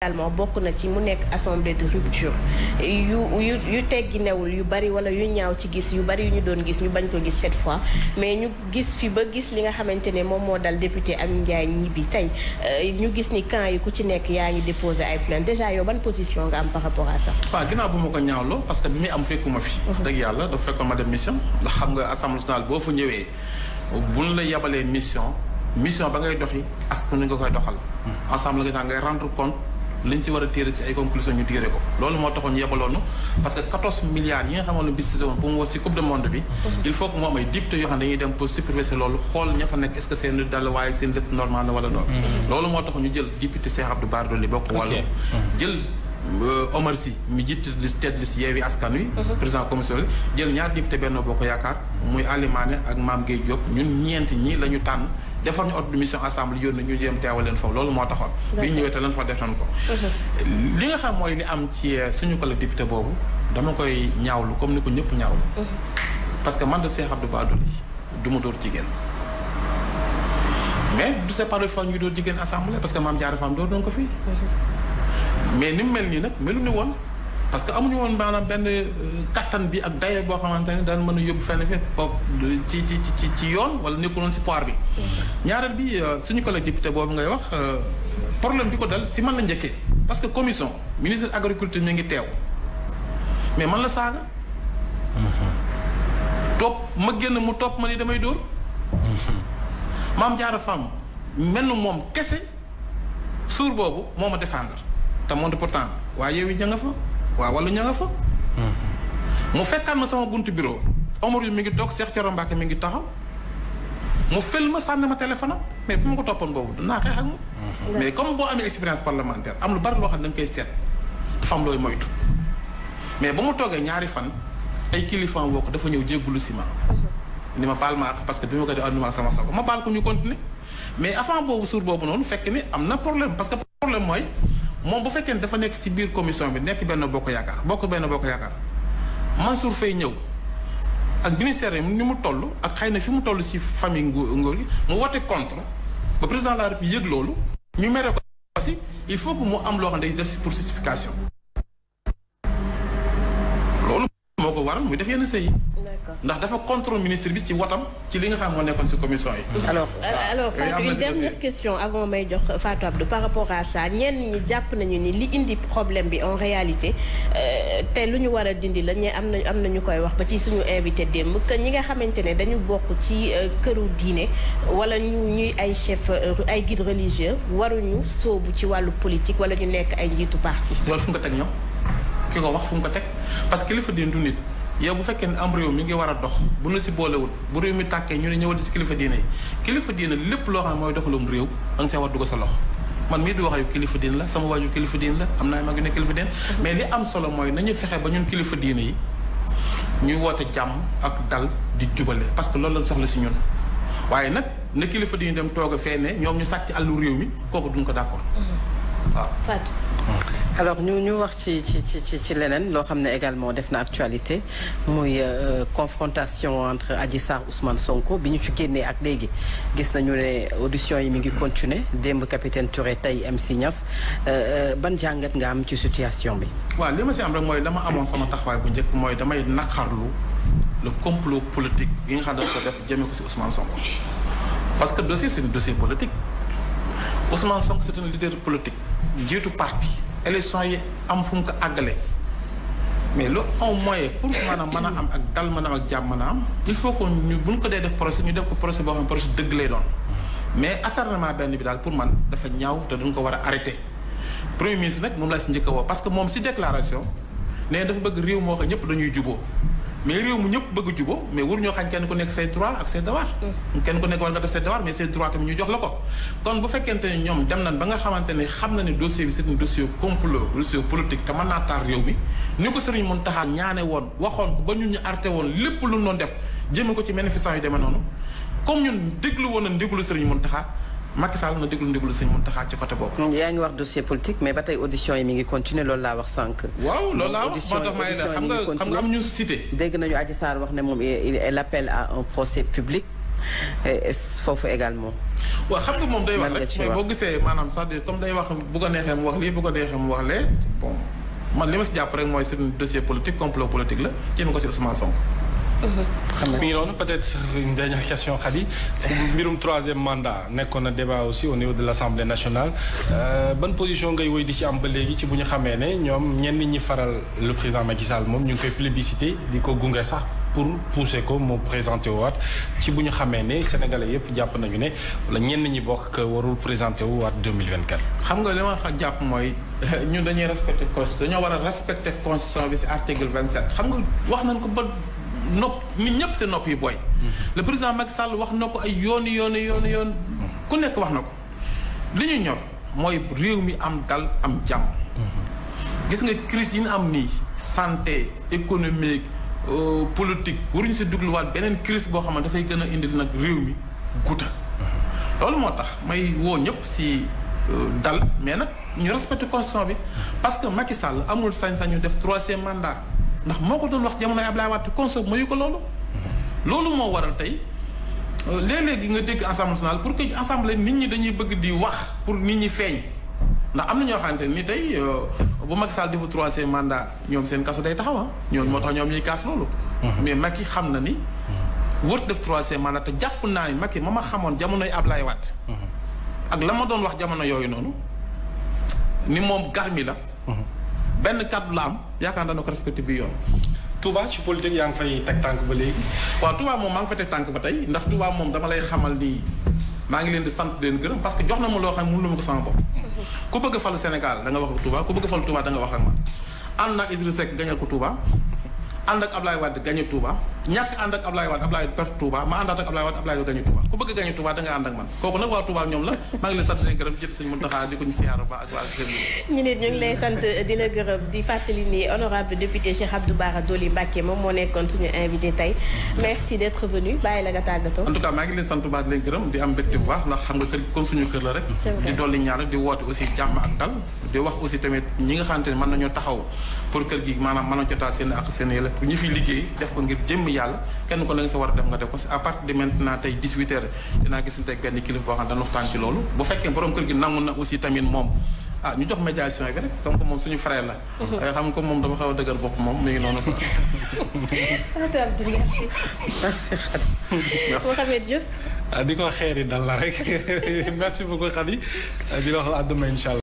également bokk na ci mu nekk assemblée de rupture yu teggi newul yu bari wala yu ñaaw ci gis yu bari yu ñu doon gis ñu bañ ko gis cette fois mais ñu gis fi ba gis li nga xamante ne moom moo dal député am Ndiaye Gniby tey euh, ñu gis ni kan yi ku ci nekk yaa ngi déposé ay plainte déjà yow ban position nga am par rapport à ça. waaw ginnaaw bu ma ko ñaawloo parce que bi muy am fekkuma fi. Mhm. dëgg yàlla dafa fekkoon ma dem mission ndax xam nga assemblée nationale boo fa ñëwee buñ la yabalee mission mission ba ngay doxi askan wi nga koy doxal. Mhm. ensemble nga liñ ci war a tirer ci ay conclusion ñu tirer ko loolu moo taxoon ñu yebaloonu parce que 14 milliards yi nga xamoon ne bis si zone pour mu wax si coupe du monde bi il faut que mu am ay député yoo xam ne dañuy dem seen dalluwaay normal na wala noonu mm-hmm. loolu moo taxoon ñu jël député Cheikh Abdou Bara Dolly bokk wàllu mm-hmm. jël euh, Omar Sy mi jiite di tête liste Yewwi Askan Wi mm-hmm. président commission bi jël ñaar député Benno Bokk Yaakaar muy Aly ak Mame Gueye Diop ñun defar ñu ordre de mission ensemble yónni ñu jéem leen foofu loolu moo taxoon. bi ñu ñëwee te lan fa defoon ko. Mhm. li nga xam mooy li am ci euh, suñu collègue député boobu dama koy ñaawlu comme ni ko ñëpp ñaawlu. Mhm. parce que man de Cheikh Abdou Bara Dolly du ma dóor jigéen. mais du c'est pas de fois ñuy dóor jigéen assemblée parce que maam Diarra Fam door doon ko fii. Mhm. mais ni mu mel nii nag melu ni woon. parce que amuñu woon maanaam benn euh, kattan bi ak daye boo xamante ne daan mën a yóbbu fenn fi boobu ci ci ci ci yoon wala nekku noonu si poire bi. ñaareel bi euh, suñu collègue député boobu ngay wax euh, problème bi ko dal si man la njëkkee parce que commission ministre agriculture mu ngi teew mais man la saaga. topp ma génn mu topp ma ni damay dóor. maam jaara femme mel ni moom kese suur boobu moo ma défendre te moom pourtant waaye yow yi ña fa. waaw wàllu ña fa. Mm-hmm. mu fekkaat ma sama buntu bureau Omar yu mi ngi toog Cheikh Thioro Mbacke mi ngi taxaw mu fël ma sànni ma téléphone am mais bu ma ko toppoon boobu dinaa xeex ak moom. Mm-hmm. mais comme am lu bari loo xam ne da nga koy moytu mais ba mu toogee ñaari fan ay kilifaam woo ko dafa ñëw jéggulu si ma mm-hmm. ni ma baal ma parce que bi ma ko di andumaa sama sago ma baal ko ñu continuer mais avant boobu suur boobu noonu fekk ni am na problème parce que problème mooy moom bu fekkee ne dafa nekk ci biir commission bi nekk benn bokk yaakaar bokk benn bokk yaakaar Mansour Faye ñëw ak ministère yi ni mu toll ak xëy na fi mu toll ci famille nguur gi mu wote contre ba président de la République yëg loolu ñu mere ko ci il faut que mu am loo xam def ci pour justification jabaram muy def yenn sëy yi. ndax dafa contrôle ministre bi ci watam ci li nga xam moo nekkoon si commission yi. Mm. alors euh, alors Fatou une dernière question avant may jox Fatou Abdou par rapport a ça ñenn ñi jàpp nañu ni li indi problème bi en réalité euh, te lu ñu war a dindi la ñe am nañu am nañu koy wax ba ci suñu invité démb que ñi nga xamante ne dañu bokk ci euh, këru diine wala ñu ñuy ay chef ay guide religieux waruñu soobu ci wàllu politique wala ñu nekk ay njiitu parti. loolu fu mu teg ñoom ki ko wax fu mu yow bu fekkee ne am réew mi ngi war a dox bu la si boolewut bu réew mi tàkkee ñu ne ñëwal ci kilifa diine yi kilifa diine loo mooy doxalum réew da nga see sa loxo man mii di wax kilifa diine la sama waaju kilifa diine la am naa mag yu ne kilifa diine mais li am solo mooy nañu fexe ba ñun kilifa diine yi ñuy woote jàmm ak dal di jubale parce que loolu la soxla si ñun waaye nag na kilifa diine dem toog a fee ñoom ñu sàcc àllu réew mi kooku duñ ko d'accord mm-hmm. waaw alors ñu ñu wax ci ci ci ci leneen loo xam ne également def na actualité muy euh, confrontation entre Adji Sarr Ousmane Sonko bi ñu ci génnee ak léegi gis nañu ne audition yi mi ngi continuer démb capitaine Touré tey MC Niass euh, euh, ban jàngat nga am ci situation bi. waaw li ma si am rek mooy dama amoon sama taxawaay bu njëkk mooy damay naqarlu le complot politique bi nga xam ne ko def jëmee ko si Ousmane sonk parce que dossier c'est un dossier politique Ousmane Sonko c'est un leader élection yi am fu ko àggale mais lu au moyen pour maanaam mën a am ak dal mën a am ak jàmm mën a am il faut que ñu buñ ko dee def procès ñu def ko procès boo xam ne procès dëgg lay doon mais acharnement benn bi daal pour man dafa ñaaw te duñ ko war a arrêté premier ministre nag moom laa si njëkk woo parce que moom si déclaration ne dafa bëgg réew moo xam ñëpp dañuy juboo mais réew mu ñëpp bëgg jubo mais wur ñoo xañ kenn ku nekk say droit ak say devoir mm. kenn ku nekk war nga def say devoir mais say droit tamit ñu jox la ko kon bu fekkente ne ñoom dem nañ ba nga xamante ni xam na ne dossier bi c'est un dossier complot dossier politique te mën naa taar réew mi ni ko sëriñ Mountakha ñaane woon waxoon ko ba ñun ñu arrêté woon lépp lu ñu doon def jëme ko ci manifestant yu demee noonu comme ñun déglu woon na déglu sëriñ Mountakha Macky Sall na déglu ndéglu sëñ Mountakha ci côté boobu. yaa ngi wax dossier politique mais ba tey audition yi mi ngi continuer loolu laa wax sànq. waaw loolu laa wax moo xam nga xam nga am ñu cité. dégg nañu Adji Sarr wax ne moom il appelle à un xam nga moom day wax rek mais boo gisee maanaam cest à comme day wax bu neexee mu wax lii bu ko neexee mu wax lee man li ma si jàpp rek mooy c'est un dossier politique complot politique la jëme ko si Ousmane Sonko. xam nga mi ngi noonu peut-être une dernière question Khady mbirum troisième mandat nekkoon na aussi au niveau de l'Assemblée nationale euh, ban position ngay woy di ci am ba léegi ci bu ñu xamee ne ñoom ñenn ñi faral le président Macky Sall moom ñu ngi di ko gunge sax pour pousser ko mu présenté waat ci bu ñu xamee ne sénégalais yëpp jàpp nañu ne wala ñenn ñi bokk warul présenté wu waat 2024. xam nga li ma jàpp mooy ñun dañuy respecté constitution dañoo war a respecté constitution bi si article 27 xam nga wax nañ ko ba. nopp nit ñëpp seen nopp yi booy. le président Macky Sall wax na ko ay yoon yooni yooni yoon ku nekk wax na ko li ñu ñor mooy réew mi am dal am jàmm. gis nga crise yi nu am nii santé économique euh, politique waruñu si dugluwaat beneen crise boo xam ne dafay gën a indi nag réew mi guuta loolu moo tax may woo ñëpp si euh, dal mais nag ñu respecte constitution bi parce que Macky Sall amul sañ-sañu def troisième mandat. ndax moo ko doon wax jamonoy Abdoulaye Wade conseil mayu ko loolu. loolu moo waral tey euh, léeg-léegi nga dégg assemblée nationale pour que assemblée nit ñi dañuy bëgg di wax pour nit ñi feeñ ndax am na ñoo xamante ni tey euh, bu Macky Sall defu troisième mandat ñoom seen kaso day taxaw ah ñooñu moo tax ñoom ñuy kaas loolu. Mm-hmm. mais Macky xam na ni. wër def troisième mandat te jàpp naa ni Macky ma ma xamoon jamonoy Abdoulaye Wade. Mm-hmm. ak la ma doon wax jamono yooyu noonu ni moom garmi la. Mm-hmm. benn kàddu la am yaakaar na ne ko respecté bi yoon. Touba ci politique yaa ngi fay teg tànk ba léegi. waaw Touba moom maa ngi fa teg tànk ba tey ndax Touba moom dama lay xamal nii maa ngi leen di sant leen gërëm parce que jox na ma loo xam ne mënuluma ko sama bopp. ku bëgg falu Sénégal da nga wax ak Touba ku bëgg falu Touba da nga wax ak man ànd ak Idrissa Seck gañal ko Touba ànd ak Ablaye Wade gañe Touba ñàkk ànd ak Ablaye Wade Ablaye perte Touba ma àndaat ak Ablaye Wade Ablaye gañu Touba ku bëgg gañu Touba da nga ànd ak man kooku nag waa Touba ñoom la maa ngi leen sant di la gërëm di fàttali ni honorable député Cheikh Abdou Bara Dolly Mbacké moom moo nekkoon suñu invité tey merci d'être venu bàyyi la nga tàggatoo en maa ngi leen sant bu baax leen gërëm di am mbégte bu baax ndax xam nga kër comme suñu kër la rek di dolli ñaan rek di woote aussi jàmm ak dal di wax aussi pour maanaam mën a jotaat seen ak seen yële ñi yàlla kenn ko nekk sa war a def nga def ko à partir de maintenant tey 18 dinaa gisante ak benn kilifa boo xam ne dañu waxtaan ci loolu bu fekkee borom kër gi nangu na aussi tamit moom ah ñu jox médiation bi rek donc moom suñu frère la. Mhm. xam ko moom dama xaw a dëgër bopp moom mi ngi noonu quoi. merci merci ah, di ko xeeri dal la rek merci beaucoup Khady ah, di la wax la àdduma incha